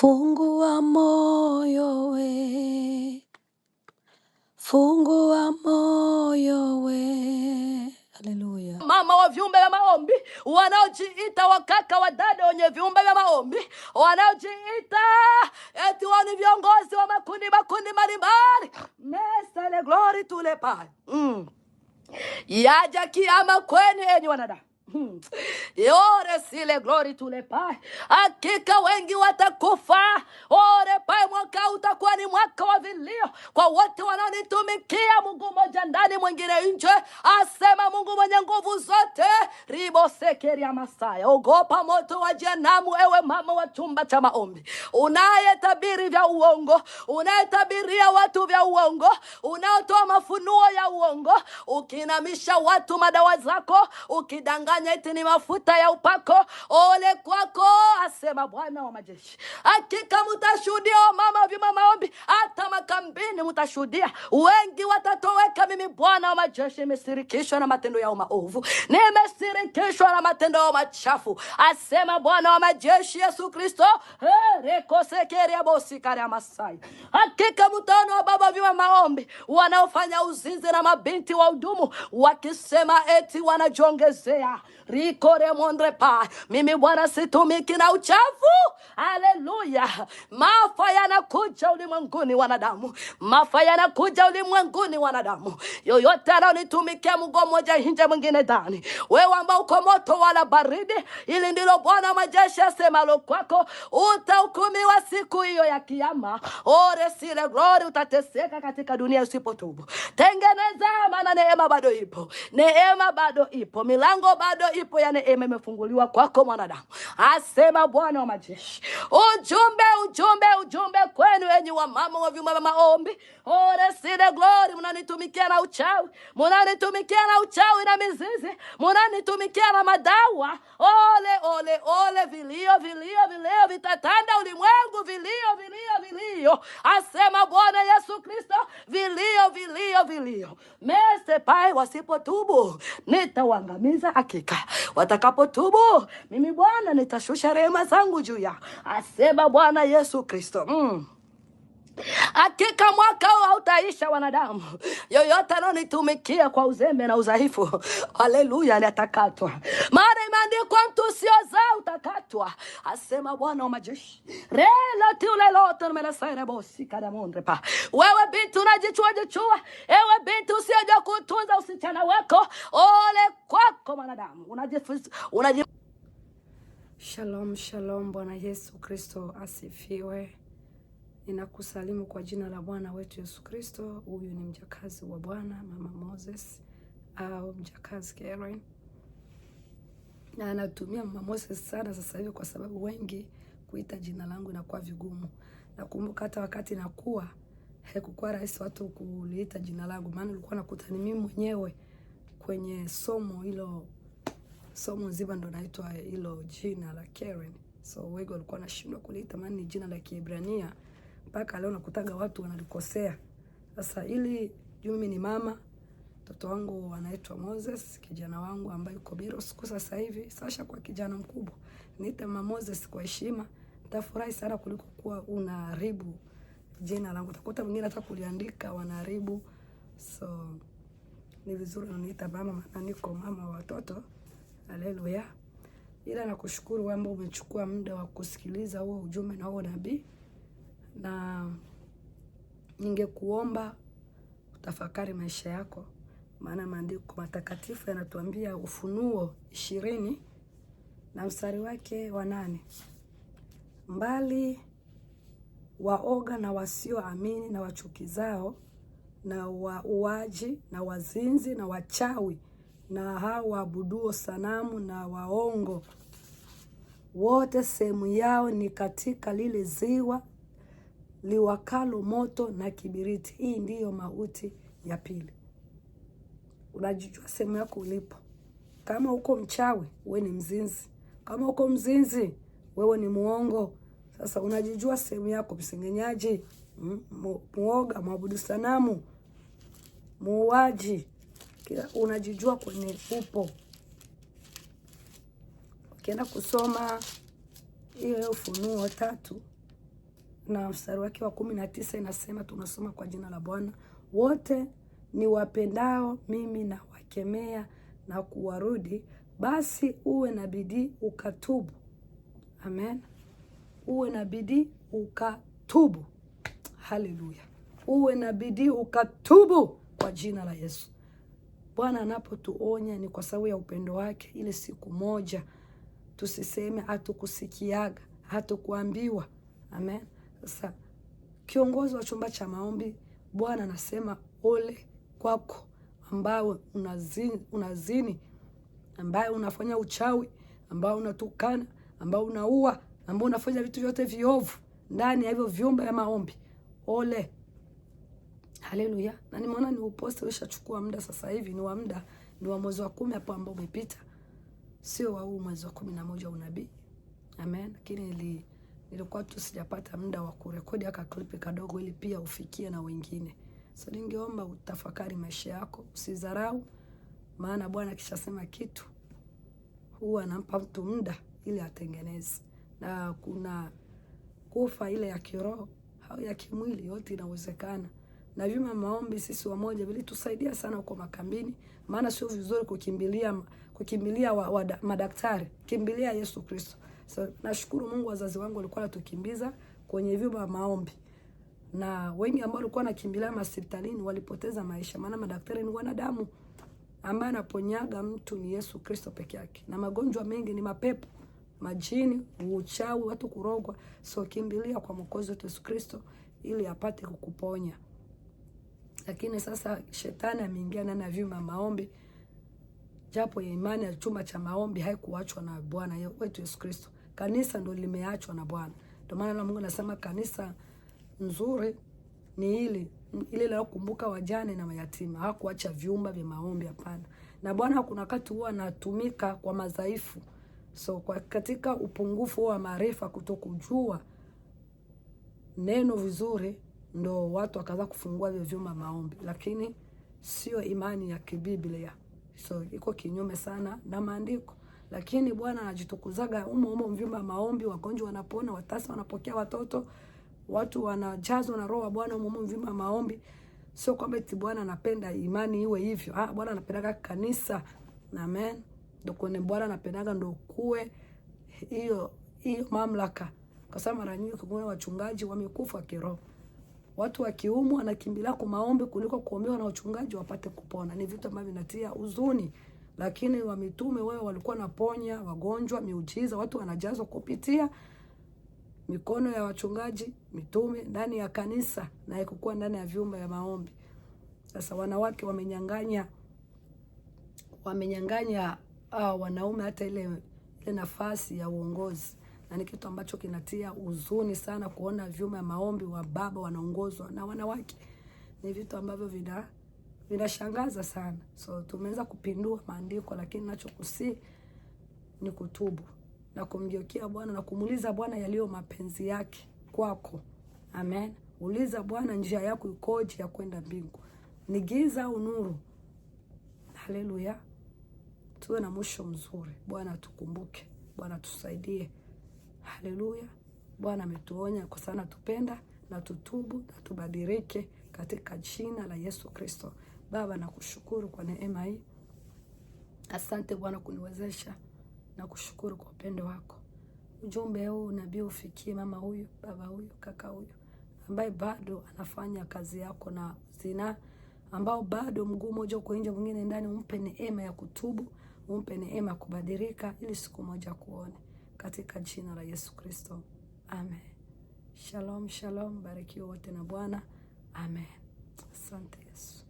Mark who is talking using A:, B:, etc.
A: Fungua moyo we, fungua moyo we. Haleluya.
B: Mama wa viumbe vya maombi wanaojiita wakaka wa dada wenye viumbe vya maombi wanaojiita eti wao ni viongozi wa makundi makundi mbalimbali mesa glory tule mm. yaja kiama kwenu enyi wanadamu Hmm. Ore sile glory the Pai, hakika wengi watakufa. Ore Pai, mwaka utakuwa ni mwaka wa vilio kwa wote wanaonitumikia. Mungu mmoja ndani, mwingine nje, asema Mungu mwenye nguvu zote. ribosekeria masaya, ogopa moto wa jehanamu, ewe mama wa chumba cha maombi, unayetabiri vya uongo, unayetabiria watu vya uongo, unaotoa mafunuo ya uongo, ukinamisha watu madawa zako, ukidanganya Fanya eti ni mafuta ya upako. Ole kwako, asema Bwana wa majeshi. Hakika mtashuhudia mama vyuma maombi, hata makambini mtashuhudia. Wengi watatoweka. Mimi Bwana wa majeshi nimesirikishwa na matendo yao maovu, nimesirikishwa na matendo yao machafu, asema Bwana wa majeshi Yesu Kristo. ya bosi kare Masai, hakika mtano wa baba vyuma maombi wanaofanya uzinzi na mabinti wa udumu wakisema eti wanajiongezea rikore mondre pa mimi bwana situmiki na uchafu haleluya maafa yanakuja ulimwenguni wanadamu maafa yanakuja ulimwenguni wanadamu yoyote anaonitumikia mguu moja hinja mwingine dani wewe ambao uko moto wala baridi ili ndilo bwana majeshi asemalo kwako utahukumiwa siku hiyo ya kiama ore sile glori utateseka katika dunia usipotubu tengeneza maana neema bado ipo neema bado ipo milango bado bado ipo yale ema imefunguliwa kwako mwanadamu, asema Bwana wa majeshi. Ujumbe, ujumbe, ujumbe kwenu enyi wa mama wa vyumba vya maombi, oresile glory, mnanitumikia na uchawi, mnanitumikia na uchawi na mizizi, mnanitumikia na madawa. Ole, ole, ole, vilio, vilio, vilio vitatanda ulimwengu, vilio, vilio, vilio, asema Bwana Yesu Kristo, vilio, vilio na vilio. Mesepai wasipotubu nitawangamiza hakika. Watakapotubu mimi Bwana nitashusha rehema zangu juu ya, asema Bwana Yesu Kristo. Mm. Hakika mwaka huu hautaisha. Wanadamu yoyote anaonitumikia kwa uzembe na udhaifu, haleluya, atakatwa kwantu usioza asema Bwana wa majeshi rela tule lote sare bosi kada mondre pa wewe binti unajichua jichua, ewe binti usioja kutunza usichana wako, ole kwako mwanadamu Unajifunza unaji
C: Shalom, shalom. Bwana Yesu Kristo asifiwe. Ninakusalimu kwa jina la Bwana wetu Yesu Kristo. Huyu ni mjakazi wa Bwana Mama Moses au mjakazi Karen na anatumia Mama Moses sana sasa hivi, kwa sababu wengi kuita jina langu inakuwa vigumu. Nakumbuka hata wakati nakuwa haikuwa rahisi watu kuliita jina langu, maana nilikuwa nakuta ni mimi mwenyewe kwenye somo hilo, somo nzima ndo naitwa hilo jina la Karen. So wengi walikuwa nashindwa kuliita, maana ni jina la Kiebrania. Mpaka leo nakutaga watu wanalikosea. Sasa ili juu mimi ni mama Mtoto wangu anaitwa Moses, kijana wangu ambaye yuko Biro siku sasa hivi, Sasa kwa kijana mkubwa. Niite mama Moses kwa heshima. Nitafurahi sana kuliko kuwa unaharibu jina langu. Utakuta mwingine hata kuliandika wanaharibu. So ni vizuri unaniita mama, maana niko mama wa watoto. Haleluya. Ila nakushukuru wewe ambaye umechukua muda wa kusikiliza huo ujumbe na huo nabii. Na ningekuomba utafakari maisha yako maana maandiko matakatifu yanatuambia Ufunuo ishirini na mstari wake wa nane mbali waoga na wasioamini na wachuki zao na wauaji na wazinzi na wachawi na hao waabuduo sanamu na waongo wote sehemu yao ni katika lile ziwa liwakalo moto na kibiriti. Hii ndiyo mauti ya pili unajijua sehemu yako ulipo. Kama uko mchawi, we ni mzinzi. Kama uko mzinzi, wewe ni muongo. Sasa unajijua sehemu yako, msengenyaji, muoga, mwabudu sanamu, muuaji, kila unajijua kwenye upo. Ukienda kusoma hiyo Ufunuo tatu na mstari wake wa kumi na tisa inasema tunasoma kwa jina la Bwana wote niwapendao mimi nawakemea na kuwarudi, basi uwe na bidii ukatubu. Amen, uwe na bidii ukatubu. Haleluya, uwe na bidii ukatubu kwa jina la Yesu. Bwana anapotuonya ni kwa sababu ya upendo wake. Ile siku moja tusiseme hatukusikiaga, hatukuambiwa. Amen. Sasa kiongozi wa chumba cha maombi, Bwana anasema ole kwako, ambao unazini, unazini, ambaye unafanya uchawi, ambao unatukana, ambao unaua, ambao unafanya vitu vyote viovu ndani ya hivyo vyumba vya maombi. Ole, haleluya! Na nimeona ni uposte, ulishachukua muda. Sasa hivi ni wa muda, ni wa mwezi wa kumi hapo ambao umepita, sio wa huu mwezi wa kumi na moja unabii. Amen. Lakini ili nilikuwa tu sijapata muda wa kurekodi aka klipi kadogo, ili pia ufikie na wengine. So ningeomba utafakari maisha yako, usidharau, maana Bwana akishasema kitu huwa anampa mtu muda ili atengeneze, na kuna kufa ile ya kiroho au ya kimwili, yote inawezekana. Na vyuma maombi, sisi wamoja vilitusaidia sana huko makambini, maana sio vizuri kukimbilia kukimbilia wa, wa, madaktari, kimbilia Yesu Kristo. So, nashukuru Mungu, wazazi wangu walikuwa wanatukimbiza kwenye vyuma maombi na wengi ambao walikuwa nakimbilia hospitalini walipoteza maisha, maana madaktari ni wanadamu. Ambaye anaponyaga mtu ni Yesu Kristo peke yake, na magonjwa mengi ni mapepo, majini, uchawi, watu kurogwa. So kimbilia kwa mwokozi wetu Yesu Kristo ili apate kukuponya. Lakini sasa shetani ameingia ndani ya vyumba maombi, japo ya imani ya chumba cha maombi haikuachwa na Bwana wetu Yesu Kristo. Kanisa ndo limeachwa na Bwana, ndio maana Mungu anasema kanisa nzuri ni ile ile la kukumbuka wajane na mayatima, hakuacha vyumba vya maombi, hapana. Na Bwana kuna wakati huwa anatumika kwa madhaifu, so kwa katika upungufu wa maarifa, kutokujua neno vizuri, ndo watu wakaanza kufungua vyo vyumba maombi, lakini sio imani ya kibiblia, so iko kinyume sana na maandiko. Lakini Bwana anajitukuzaga umo umo vyumba maombi, wagonjwa wanapona, watasa wanapokea watoto watu wanajazwa na roho wa Bwana umumu mvima maombi. Sio kwamba eti Bwana anapenda imani iwe hivyo. Ah, Bwana anapendaga kanisa. Amen. Ndio kwenye Bwana anapendaga ndio kuwe hiyo hiyo mamlaka. Kwa sababu mara nyingi kuna wachungaji wamekufa kiroho. Watu wakiumwa wanakimbilia kwa maombi kuliko kuombewa na wachungaji wapate kupona. Ni vitu ambavyo vinatia huzuni. Lakini wa mitume wao walikuwa naponya wagonjwa, miujiza, watu wanajazwa kupitia mikono ya wachungaji, mitume ndani ya kanisa na haikukuwa ndani ya vyumba vya maombi. Sasa wanawake wamenyang'anya wamenyang'anya ah, wanaume hata ile ile nafasi ya uongozi, na ni kitu ambacho kinatia huzuni sana kuona vyumba ya maombi wa baba wanaongozwa na wanawake. Ni vitu ambavyo vina vinashangaza sana. So tumeweza kupindua maandiko, lakini nachokusii ni kutubu na kumgeukia Bwana na kumuuliza Bwana yaliyo mapenzi yake kwako. Amen. Uliza Bwana njia yako ikoje ya kwenda mbingu, ni giza au nuru? Haleluya, tuwe na mwisho mzuri. Bwana tukumbuke, Bwana tusaidie. Haleluya, Bwana ametuonya kwa sana, tupenda na tutubu na tubadilike katika jina la Yesu Kristo. Baba, nakushukuru kwa neema hii. Asante Bwana kuniwezesha na kushukuru kwa upendo wako. Ujumbe huu unabii ufikie mama huyu, baba huyu, kaka huyu ambaye bado anafanya kazi yako na zina ambao bado mguu mmoja uko nje mwingine ndani, umpe neema ya kutubu, umpe neema ya kubadilika ili siku moja kuone, katika jina la Yesu Kristo, amen. Shalom, shalom, barikiwa wote na Bwana, amen. Asante Yesu.